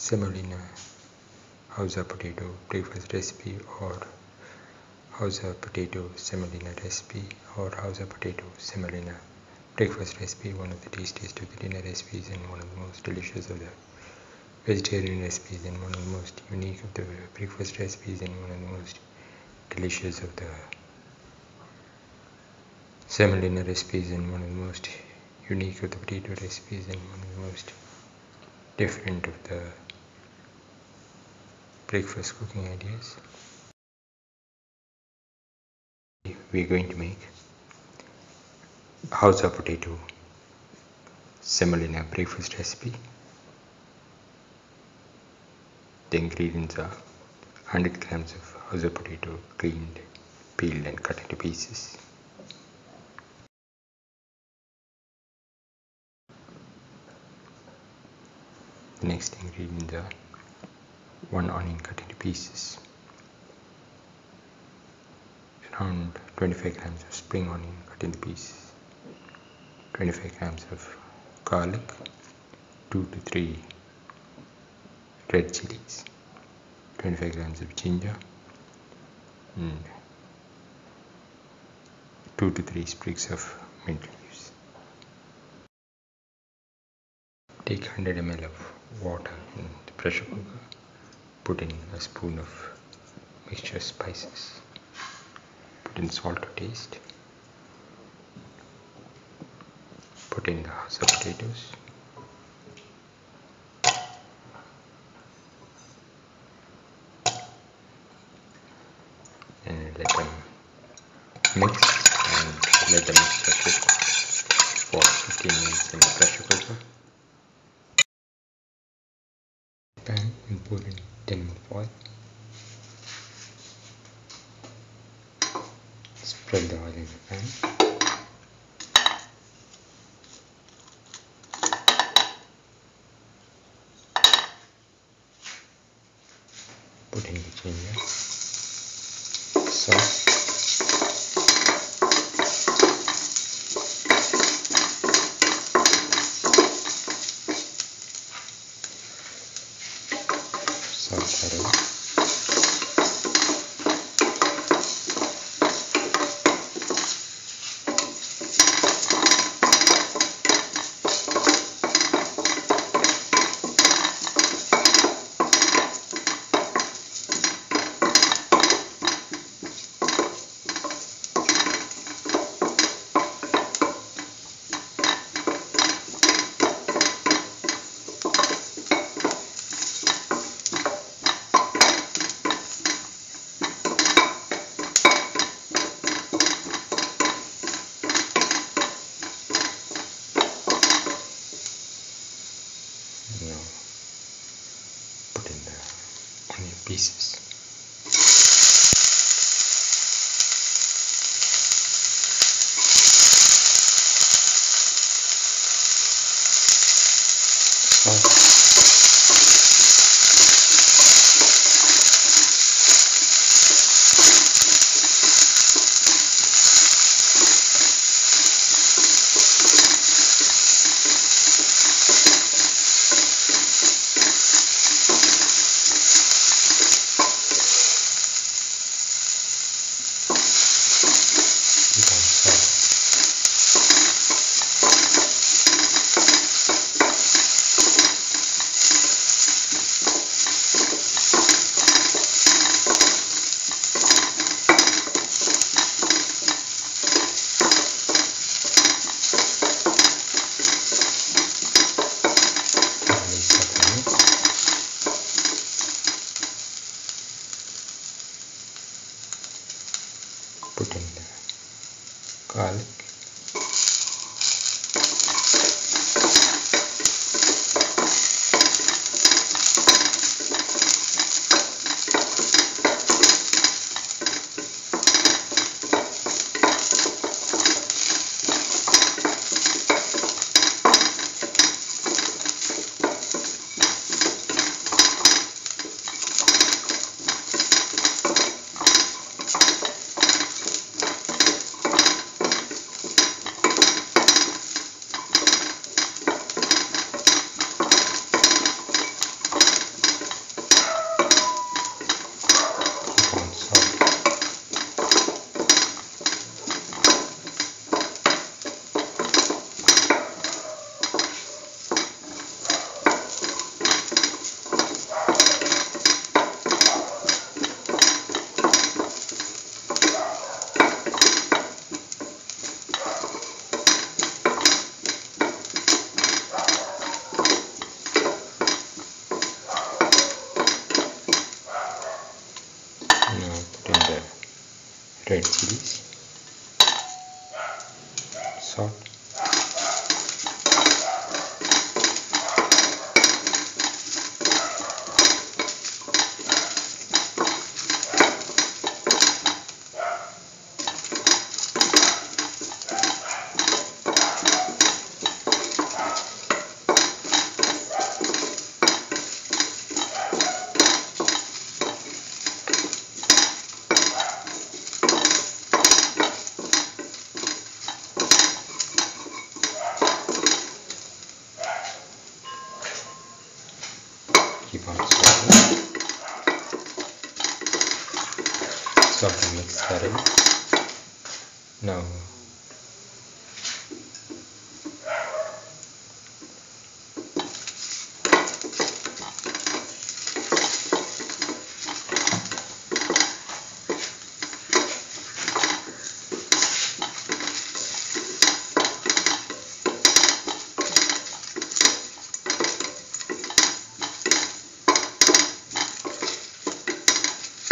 semolina how's a potato breakfast recipe or how's a potato semolina recipe or how's a potato semolina breakfast recipe one of the tastiest of the dinner recipes and one of the most delicious of the vegetarian recipes and one of the most unique of the breakfast recipes and one of the most delicious of the semolina recipes and one of the most unique of the potato recipes and one of the most different of the breakfast cooking ideas we're going to make house of potato semolina breakfast recipe the ingredients are 100 grams of of potato cleaned peeled and cut into pieces next are one onion cut into pieces, around 25 grams of spring onion cut into pieces, 25 grams of garlic, 2 to 3 red chilies, 25 grams of ginger, and 2 to 3 sprigs of mint leaves. Take 100 ml of water in the pressure cooker put in a spoon of mixture spices put in salt to taste put in the potatoes and let them mix and let the mixture cook for 15 minutes in the pressure spread the oil in the pan. Put in the ginger, salt, salt, salt. auspícios. soft something that's better. No.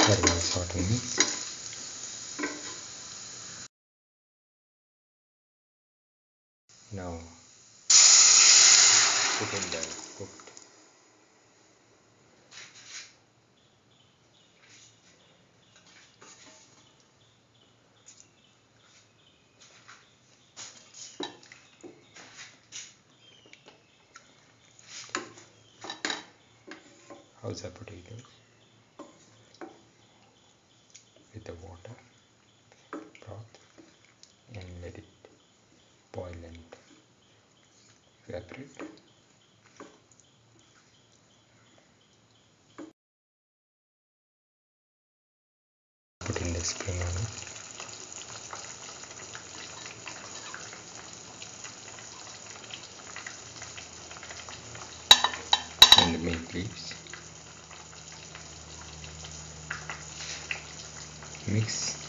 Very nice, also potatoes with the water broth and let it boil and evaporate put in the spring onion and make leaves mix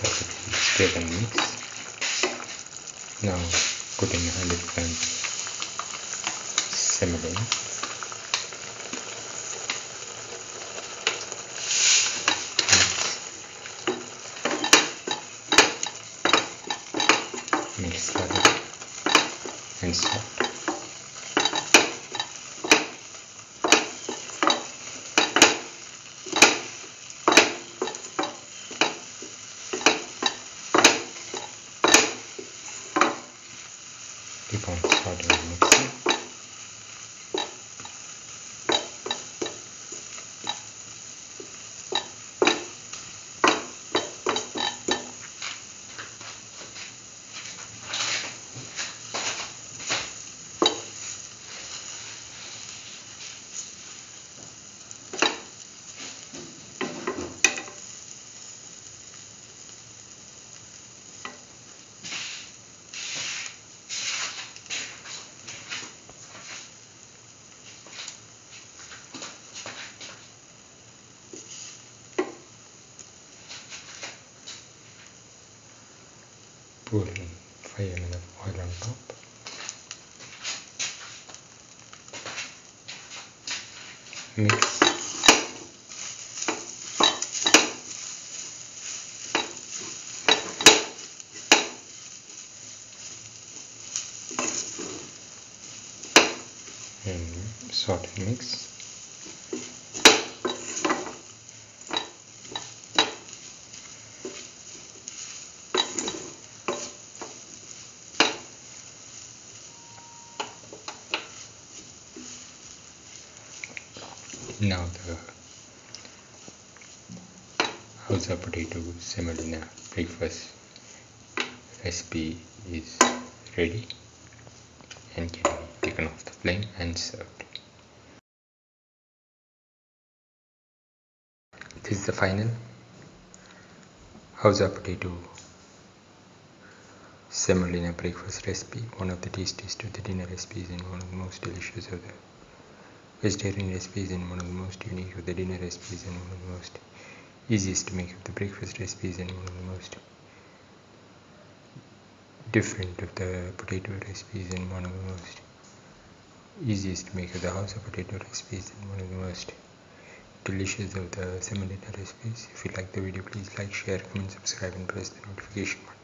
it's mix. now putting 100 grams semolina. oil failmine ayrılmak mix and salt mix now the house of potato semolina breakfast recipe is ready and can be taken off the flame and served this is the final house of potato semolina breakfast recipe one of the tastiest of the dinner recipes and one of the most delicious of the Vegetarian recipes and one of the most unique of the dinner recipes and one of the most easiest to make of the breakfast recipes and one of the most different of the potato recipes and one of the most easiest to make of the house of potato recipes and one of the most delicious of the semolina recipes. If you like the video, please like, share, comment, subscribe and press the notification button.